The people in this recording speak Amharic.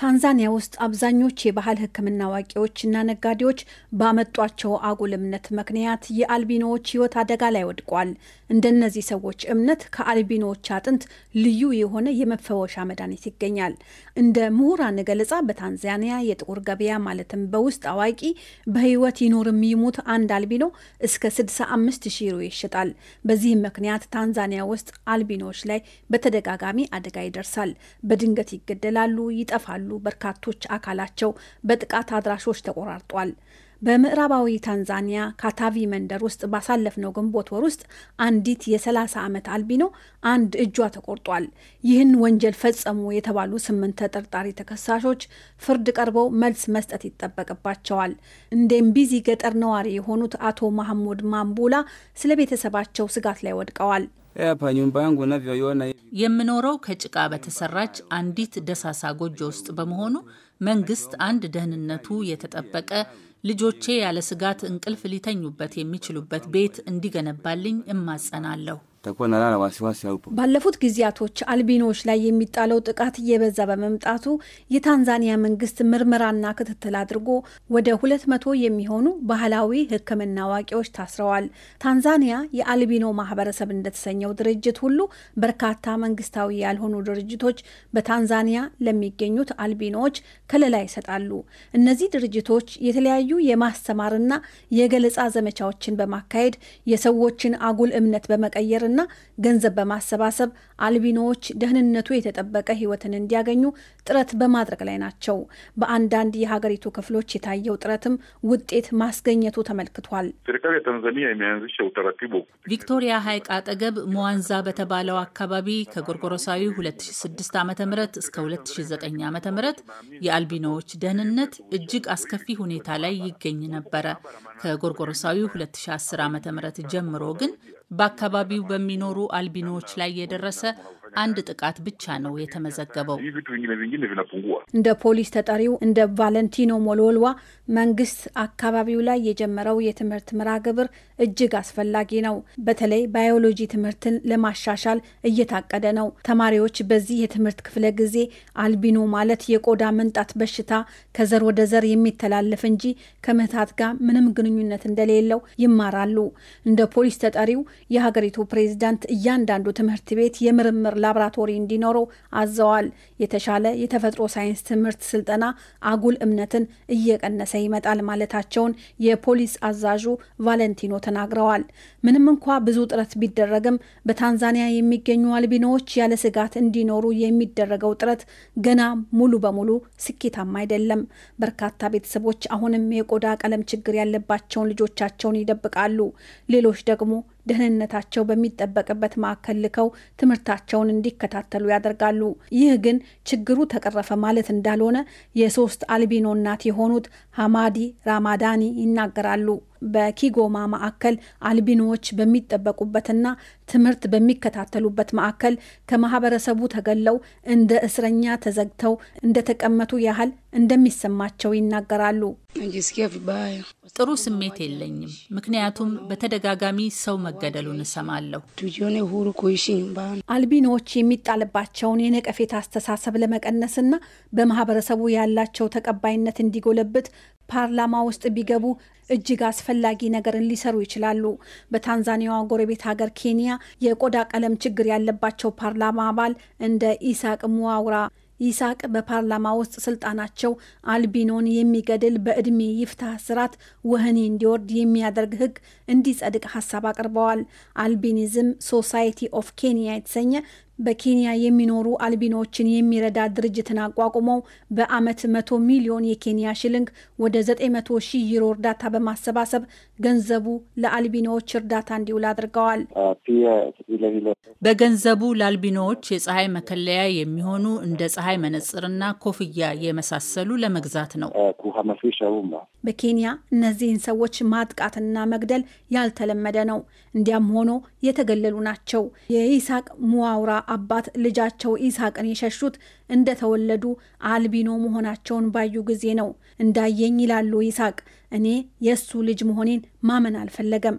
ታንዛኒያ ውስጥ አብዛኞች የባህል ሕክምና አዋቂዎችና ነጋዴዎች ባመጧቸው አጉል እምነት ምክንያት የአልቢኖዎች ሕይወት አደጋ ላይ ወድቋል። እንደነዚህ ሰዎች እምነት ከአልቢኖዎች አጥንት ልዩ የሆነ የመፈወሻ መድኃኒት ይገኛል። እንደ ምሁራን ገለጻ በታንዛኒያ የጥቁር ገበያ ማለትም በውስጥ አዋቂ በሕይወት ይኖርም ይሙት አንድ አልቢኖ እስከ 65 ሺህ ሮ ይሸጣል። በዚህም ምክንያት ታንዛኒያ ውስጥ አልቢኖዎች ላይ በተደጋጋሚ አደጋ ይደርሳል። በድንገት ይገደላሉ፣ ይጠፋሉ ያሉ በርካቶች አካላቸው በጥቃት አድራሾች ተቆራርጧል። በምዕራባዊ ታንዛኒያ ካታቪ መንደር ውስጥ ባሳለፍነው ግንቦት ወር ውስጥ አንዲት የ30 ዓመት አልቢኖ አንድ እጇ ተቆርጧል። ይህን ወንጀል ፈጸሙ የተባሉ ስምንት ተጠርጣሪ ተከሳሾች ፍርድ ቀርበው መልስ መስጠት ይጠበቅባቸዋል። እንደ ምቢዚ ገጠር ነዋሪ የሆኑት አቶ ማህሙድ ማምቡላ ስለ ቤተሰባቸው ስጋት ላይ ወድቀዋል። የምኖረው ከጭቃ በተሰራች አንዲት ደሳሳ ጎጆ ውስጥ በመሆኑ መንግስት አንድ ደህንነቱ የተጠበቀ ልጆቼ ያለ ስጋት እንቅልፍ ሊተኙበት የሚችሉበት ቤት እንዲገነባልኝ እማጸናለሁ። ባለፉት ጊዜያቶች አልቢኖዎች ላይ የሚጣለው ጥቃት እየበዛ በመምጣቱ የታንዛኒያ መንግስት ምርመራና ክትትል አድርጎ ወደ ሁለት መቶ የሚሆኑ ባህላዊ ሕክምና አዋቂዎች ታስረዋል። ታንዛኒያ የአልቢኖ ማህበረሰብ እንደተሰኘው ድርጅት ሁሉ በርካታ መንግስታዊ ያልሆኑ ድርጅቶች በታንዛኒያ ለሚገኙት አልቢኖዎች ከለላ ይሰጣሉ። እነዚህ ድርጅቶች የተለያዩ የማስተማርና የገለጻ ዘመቻዎችን በማካሄድ የሰዎችን አጉል እምነት በመቀየርና በማቅረብና ገንዘብ በማሰባሰብ አልቢኖዎች ደህንነቱ የተጠበቀ ህይወትን እንዲያገኙ ጥረት በማድረግ ላይ ናቸው። በአንዳንድ የሀገሪቱ ክፍሎች የታየው ጥረትም ውጤት ማስገኘቱ ተመልክቷል። ቪክቶሪያ ሐይቅ አጠገብ መዋንዛ በተባለው አካባቢ ከጎርጎሮሳዊ 2006 ዓ ም እስከ 2009 ዓ ም የአልቢኖዎች ደህንነት እጅግ አስከፊ ሁኔታ ላይ ይገኝ ነበረ። ከጎርጎሮሳዊ 2010 ዓ ም ጀምሮ ግን በአካባቢው በሚኖሩ አልቢኖዎች ላይ የደረሰ አንድ ጥቃት ብቻ ነው የተመዘገበው። እንደ ፖሊስ ተጠሪው እንደ ቫለንቲኖ ሞሎልዋ መንግስት አካባቢው ላይ የጀመረው የትምህርት ምራ ግብር እጅግ አስፈላጊ ነው። በተለይ ባዮሎጂ ትምህርትን ለማሻሻል እየታቀደ ነው። ተማሪዎች በዚህ የትምህርት ክፍለ ጊዜ አልቢኖ ማለት የቆዳ መንጣት በሽታ ከዘር ወደ ዘር የሚተላለፍ እንጂ ከምህታት ጋር ምንም ግንኙነት እንደሌለው ይማራሉ። እንደ ፖሊስ ተጠሪው የሀገሪቱ ፕሬዝዳንት እያንዳንዱ ትምህርት ቤት የምርምር ላብራቶሪ እንዲኖረው አዘዋል። የተሻለ የተፈጥሮ ሳይንስ ትምህርት ስልጠና አጉል እምነትን እየቀነሰ ይመጣል ማለታቸውን የፖሊስ አዛዡ ቫለንቲኖ ተናግረዋል። ምንም እንኳ ብዙ ጥረት ቢደረግም በታንዛኒያ የሚገኙ አልቢኖዎች ያለ ስጋት እንዲኖሩ የሚደረገው ጥረት ገና ሙሉ በሙሉ ስኬታማ አይደለም። በርካታ ቤተሰቦች አሁንም የቆዳ ቀለም ችግር ያለባቸውን ልጆቻቸውን ይደብቃሉ። ሌሎች ደግሞ ደህንነታቸው በሚጠበቅበት ማዕከል ልከው ትምህርታቸውን እንዲከታተሉ ያደርጋሉ። ይህ ግን ችግሩ ተቀረፈ ማለት እንዳልሆነ የሶስት አልቢኖ እናት የሆኑት ሀማዲ ራማዳኒ ይናገራሉ። በኪጎማ ማዕከል አልቢኖዎች በሚጠበቁበትና ትምህርት በሚከታተሉበት ማዕከል ከማህበረሰቡ ተገለው እንደ እስረኛ ተዘግተው እንደተቀመጡ ያህል እንደሚሰማቸው ይናገራሉ። ጥሩ ስሜት የለኝም፣ ምክንያቱም በተደጋጋሚ ሰው መገደሉን እሰማለሁ። አልቢኖዎች የሚጣልባቸውን የነቀፌት አስተሳሰብ ለመቀነስና በማህበረሰቡ ያላቸው ተቀባይነት እንዲጎለብት ፓርላማ ውስጥ ቢገቡ እጅግ አስፈላጊ ነገርን ሊሰሩ ይችላሉ። በታንዛኒያዋ ጎረቤት ሀገር ኬንያ የቆዳ ቀለም ችግር ያለባቸው ፓርላማ አባል እንደ ኢሳቅ ሙዋውራ ይስቅ በፓርላማ ውስጥ ስልጣናቸው አልቢኖን የሚገድል በዕድሜ ይፍታህ ስርዓት ወህኒ እንዲወርድ የሚያደርግ ሕግ እንዲጸድቅ ሀሳብ አቅርበዋል። አልቢኒዝም ሶሳይቲ ኦፍ ኬንያ የተሰኘ በኬንያ የሚኖሩ አልቢኖዎችን የሚረዳ ድርጅትን አቋቁመው በአመት 100 ሚሊዮን የኬንያ ሽልንግ ወደ 900 ሺህ ዩሮ እርዳታ በማሰባሰብ ገንዘቡ ለአልቢኖዎች እርዳታ እንዲውል አድርገዋል። በገንዘቡ ለአልቢኖዎች የፀሐይ መከለያ የሚሆኑ እንደ ፀሐይ መነጽርና ኮፍያ የመሳሰሉ ለመግዛት ነው። በኬንያ እነዚህን ሰዎች ማጥቃትና መግደል ያልተለመደ ነው። እንዲያም ሆኖ የተገለሉ ናቸው። የይስሐቅ ሙዋውራ አባት ልጃቸው ኢስሐቅን የሸሹት እንደተወለዱ አልቢኖ መሆናቸውን ባዩ ጊዜ ነው። እንዳየኝ ይላሉ ኢስሐቅ፣ እኔ የእሱ ልጅ መሆኔን ማመን አልፈለገም።